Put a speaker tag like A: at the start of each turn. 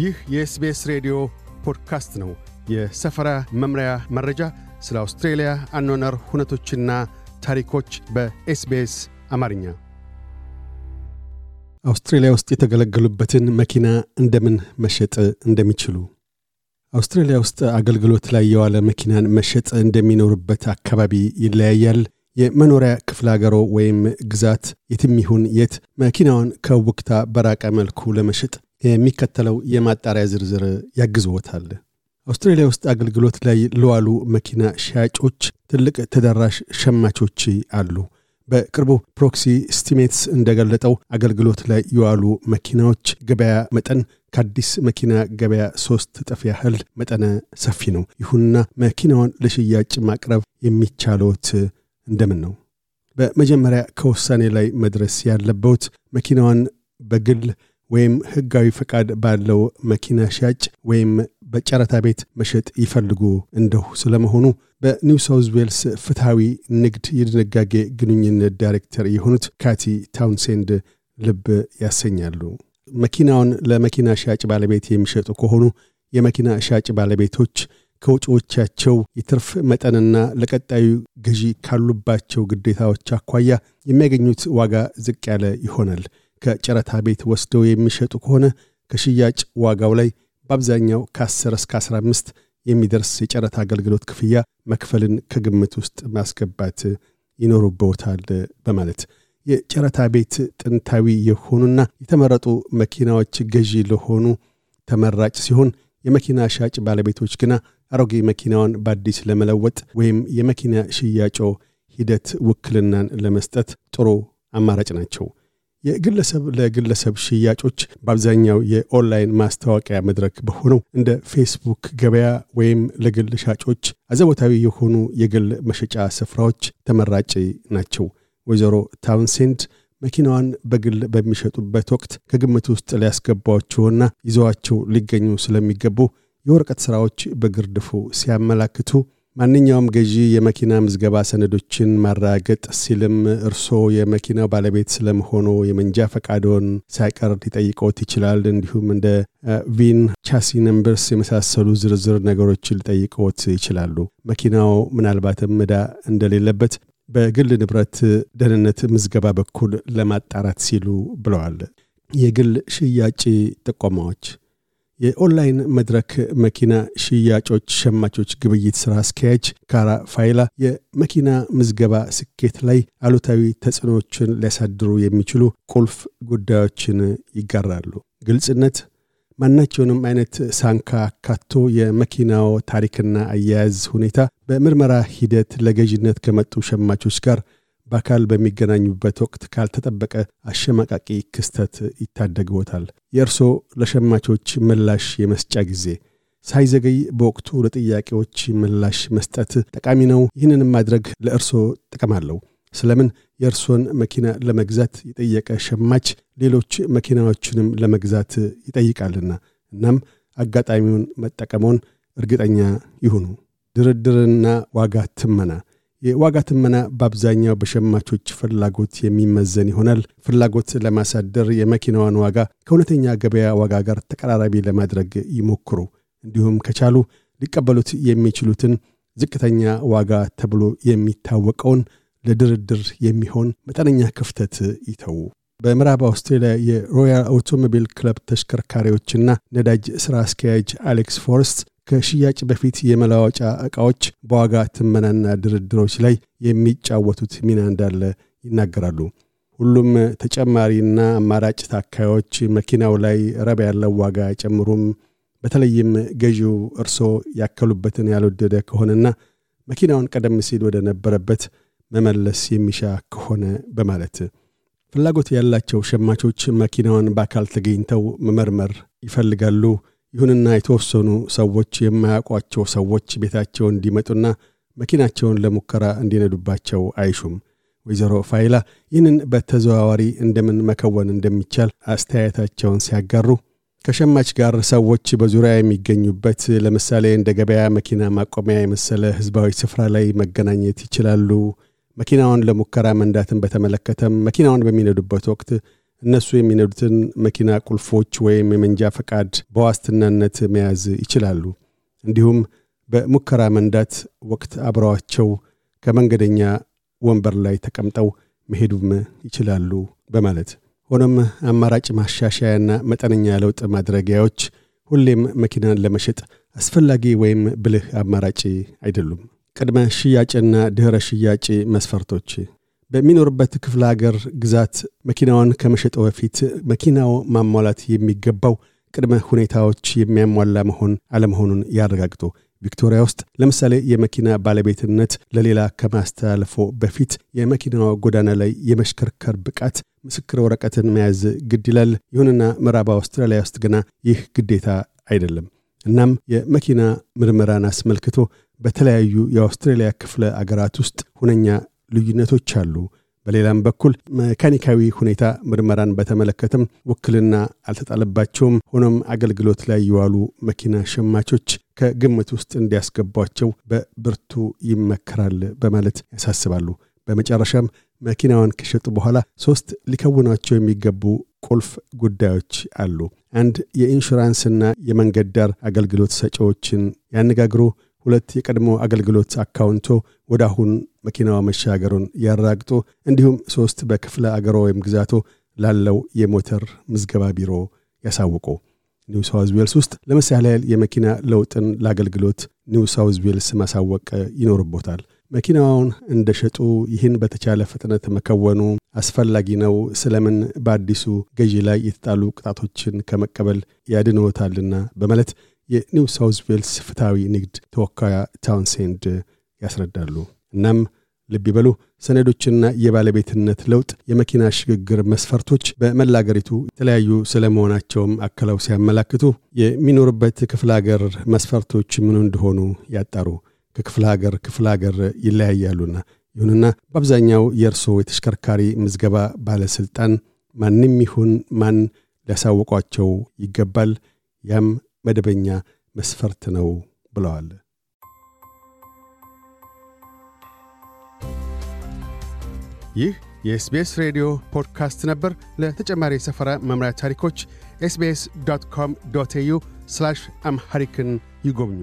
A: ይህ የኤስቤስ ሬዲዮ ፖድካስት ነው። የሰፈራ መምሪያ መረጃ፣ ስለ አውስትሬልያ አኗነር ሁነቶችና ታሪኮች በኤስቤስ አማርኛ። አውስትሬልያ ውስጥ የተገለገሉበትን መኪና እንደምን መሸጥ እንደሚችሉ አውስትሬልያ ውስጥ አገልግሎት ላይ የዋለ መኪናን መሸጥ እንደሚኖርበት አካባቢ ይለያያል። የመኖሪያ ክፍል አገሮ ወይም ግዛት የትም ይሁን የት መኪናውን ከውክታ በራቀ መልኩ ለመሸጥ የሚከተለው የማጣሪያ ዝርዝር ያግዝዎታል። አውስትራሊያ ውስጥ አገልግሎት ላይ ለዋሉ መኪና ሻጮች ትልቅ ተደራሽ ሸማቾች አሉ። በቅርቡ ፕሮክሲ ስቲሜትስ እንደገለጠው አገልግሎት ላይ የዋሉ መኪናዎች ገበያ መጠን ከአዲስ መኪና ገበያ ሶስት እጥፍ ያህል መጠነ ሰፊ ነው። ይሁንና መኪናውን ለሽያጭ ማቅረብ የሚቻለውት እንደምን ነው? በመጀመሪያ ከውሳኔ ላይ መድረስ ያለበውት መኪናዋን በግል ወይም ህጋዊ ፈቃድ ባለው መኪና ሻጭ ወይም በጨረታ ቤት መሸጥ ይፈልጉ እንደሁ ስለመሆኑ በኒው ሳውዝ ዌልስ ፍትሐዊ ንግድ የድንጋጌ ግንኙነት ዳይሬክተር የሆኑት ካቲ ታውንሴንድ ልብ ያሰኛሉ። መኪናውን ለመኪና ሻጭ ባለቤት የሚሸጡ ከሆኑ የመኪና ሻጭ ባለቤቶች ከውጭዎቻቸው የትርፍ መጠንና ለቀጣዩ ገዢ ካሉባቸው ግዴታዎች አኳያ የሚያገኙት ዋጋ ዝቅ ያለ ይሆናል። ከጨረታ ቤት ወስደው የሚሸጡ ከሆነ ከሽያጭ ዋጋው ላይ በአብዛኛው ከ10 እስከ 15 የሚደርስ የጨረታ አገልግሎት ክፍያ መክፈልን ከግምት ውስጥ ማስገባት ይኖሩበታል በማለት የጨረታ ቤት ጥንታዊ የሆኑና የተመረጡ መኪናዎች ገዢ ለሆኑ ተመራጭ ሲሆን የመኪና ሻጭ ባለቤቶች ግና አሮጌ መኪናዋን በአዲስ ለመለወጥ ወይም የመኪና ሽያጮ ሂደት ውክልናን ለመስጠት ጥሩ አማራጭ ናቸው የግለሰብ ለግለሰብ ሽያጮች በአብዛኛው የኦንላይን ማስታወቂያ መድረክ በሆነው እንደ ፌስቡክ ገበያ ወይም ለግል ሻጮች አዘቦታዊ የሆኑ የግል መሸጫ ስፍራዎች ተመራጭ ናቸው። ወይዘሮ ታውንሴንድ መኪናዋን በግል በሚሸጡበት ወቅት ከግምት ውስጥ ሊያስገባቸውና ይዘዋቸው ሊገኙ ስለሚገቡ የወረቀት ሥራዎች በግርድፉ ሲያመላክቱ ማንኛውም ገዢ የመኪና ምዝገባ ሰነዶችን ማራገጥ ሲልም እርስዎ የመኪናው ባለቤት ስለመሆኑ የመንጃ ፈቃዶን ሳይቀር ሊጠይቅዎት ይችላል። እንዲሁም እንደ ቪን፣ ቻሲ ነምበርስ የመሳሰሉ ዝርዝር ነገሮችን ሊጠይቅዎት ይችላሉ። መኪናው ምናልባትም እዳ እንደሌለበት በግል ንብረት ደህንነት ምዝገባ በኩል ለማጣራት ሲሉ ብለዋል። የግል ሽያጭ ጥቆማዎች የኦንላይን መድረክ መኪና ሽያጮች ሸማቾች ግብይት ስራ አስኪያጅ ካራ ፋይላ የመኪና ምዝገባ ስኬት ላይ አሉታዊ ተጽዕኖዎችን ሊያሳድሩ የሚችሉ ቁልፍ ጉዳዮችን ይጋራሉ። ግልጽነት፣ ማናቸውንም አይነት ሳንካ አካቶ የመኪናው ታሪክና አያያዝ ሁኔታ በምርመራ ሂደት ለገዥነት ከመጡ ሸማቾች ጋር በአካል በሚገናኙበት ወቅት ካልተጠበቀ አሸማቃቂ ክስተት ይታደግዎታል። የእርሶ ለሸማቾች ምላሽ የመስጫ ጊዜ ሳይዘገይ በወቅቱ ለጥያቄዎች ምላሽ መስጠት ጠቃሚ ነው። ይህንንም ማድረግ ለእርሶ ጥቅም አለው። ስለምን የእርሶን መኪና ለመግዛት የጠየቀ ሸማች ሌሎች መኪናዎችንም ለመግዛት ይጠይቃልና። እናም አጋጣሚውን መጠቀመውን እርግጠኛ ይሁኑ። ድርድርና ዋጋ ትመና የዋጋ ትመና በአብዛኛው በሸማቾች ፍላጎት የሚመዘን ይሆናል። ፍላጎት ለማሳደር የመኪናዋን ዋጋ ከእውነተኛ ገበያ ዋጋ ጋር ተቀራራቢ ለማድረግ ይሞክሩ። እንዲሁም ከቻሉ ሊቀበሉት የሚችሉትን ዝቅተኛ ዋጋ ተብሎ የሚታወቀውን ለድርድር የሚሆን መጠነኛ ክፍተት ይተዉ። በምዕራብ አውስትሬልያ የሮያል አውቶሞቢል ክለብ ተሽከርካሪዎችና ነዳጅ ሥራ አስኪያጅ አሌክስ ፎርስት ከሽያጭ በፊት የመለዋወጫ ዕቃዎች በዋጋ ትመናና ድርድሮች ላይ የሚጫወቱት ሚና እንዳለ ይናገራሉ። ሁሉም ተጨማሪና አማራጭ ታካዮች መኪናው ላይ ረብ ያለው ዋጋ ጨምሩም በተለይም ገዢው እርሶ ያከሉበትን ያልወደደ ከሆነና መኪናውን ቀደም ሲል ወደ ነበረበት መመለስ የሚሻ ከሆነ በማለት ፍላጎት ያላቸው ሸማቾች መኪናውን በአካል ተገኝተው መመርመር ይፈልጋሉ። ይሁንና የተወሰኑ ሰዎች የማያውቋቸው ሰዎች ቤታቸው እንዲመጡና መኪናቸውን ለሙከራ እንዲነዱባቸው አይሹም። ወይዘሮ ፋይላ ይህንን በተዘዋዋሪ እንደምን መከወን እንደሚቻል አስተያየታቸውን ሲያጋሩ ከሸማች ጋር ሰዎች በዙሪያ የሚገኙበት ለምሳሌ እንደ ገበያ መኪና ማቆሚያ የመሰለ ህዝባዊ ስፍራ ላይ መገናኘት ይችላሉ። መኪናውን ለሙከራ መንዳትን በተመለከተም መኪናውን በሚነዱበት ወቅት እነሱ የሚነዱትን መኪና ቁልፎች ወይም የመንጃ ፈቃድ በዋስትናነት መያዝ ይችላሉ። እንዲሁም በሙከራ መንዳት ወቅት አብረዋቸው ከመንገደኛ ወንበር ላይ ተቀምጠው መሄዱም ይችላሉ በማለት ሆኖም አማራጭ ማሻሻያና መጠነኛ ለውጥ ማድረጊያዎች ሁሌም መኪናን ለመሸጥ አስፈላጊ ወይም ብልህ አማራጭ አይደሉም። ቅድመ ሽያጭና ድኅረ ሽያጭ መስፈርቶች በሚኖርበት ክፍለ ሀገር ግዛት መኪናዋን ከመሸጠ በፊት መኪናው ማሟላት የሚገባው ቅድመ ሁኔታዎች የሚያሟላ መሆን አለመሆኑን ያረጋግጡ። ቪክቶሪያ ውስጥ ለምሳሌ የመኪና ባለቤትነት ለሌላ ከማስተላለፎ በፊት የመኪናው ጎዳና ላይ የመሽከርከር ብቃት ምስክር ወረቀትን መያዝ ግድ ይላል። ይሁንና ምዕራብ አውስትራሊያ ውስጥ ገና ይህ ግዴታ አይደለም። እናም የመኪና ምርመራን አስመልክቶ በተለያዩ የአውስትሬልያ ክፍለ አገራት ውስጥ ሁነኛ ልዩነቶች አሉ። በሌላም በኩል መካኒካዊ ሁኔታ ምርመራን በተመለከተም ውክልና አልተጣለባቸውም። ሆኖም አገልግሎት ላይ የዋሉ መኪና ሸማቾች ከግምት ውስጥ እንዲያስገቧቸው በብርቱ ይመከራል በማለት ያሳስባሉ። በመጨረሻም መኪናዋን ከሸጡ በኋላ ሶስት ሊከውናቸው የሚገቡ ቁልፍ ጉዳዮች አሉ። አንድ የኢንሹራንስና የመንገድ ዳር አገልግሎት ሰጪዎችን ያነጋግሩ። ሁለት የቀድሞ አገልግሎት አካውንቶ ወደ አሁን መኪናዋ መሻገሩን ያራግጡ እንዲሁም ሶስት በክፍለ አገሮ ወይም ግዛቶ ላለው የሞተር ምዝገባ ቢሮ ያሳውቁ። ኒው ሳውዝ ዌልስ ውስጥ ለምሳሌ የመኪና ለውጥን ለአገልግሎት ኒው ሳውዝ ዌልስ ማሳወቅ ይኖርቦታል። መኪናውን እንደሸጡ ይህን በተቻለ ፍጥነት መከወኑ አስፈላጊ ነው፣ ስለምን በአዲሱ ገዢ ላይ የተጣሉ ቅጣቶችን ከመቀበል ያድንወታልና በማለት የኒው ሳውዝ ዌልስ ፍትሐዊ ንግድ ተወካያ ታውንሴንድ ያስረዳሉ። እናም ልብ ይበሉ ሰነዶችና የባለቤትነት ለውጥ የመኪና ሽግግር መስፈርቶች በመላ አገሪቱ የተለያዩ ስለመሆናቸውም አክለው ሲያመላክቱ የሚኖርበት ክፍለ ሀገር መስፈርቶች ምን እንደሆኑ ያጣሩ። ከክፍለ ሀገር ክፍለ ሀገር ይለያያሉና። ይሁንና በአብዛኛው የእርስ የተሽከርካሪ ምዝገባ ባለስልጣን ማንም ይሁን ማን ሊያሳውቋቸው ይገባል። ያም መደበኛ መስፈርት ነው ብለዋል። ይህ የኤስቤስ ሬዲዮ ፖድካስት ነበር። ለተጨማሪ የሰፈራ መምሪያ ታሪኮች ኤስቤስ ዶት ኮም ዶት ኤዩ አምሐሪክን ይጎብኙ።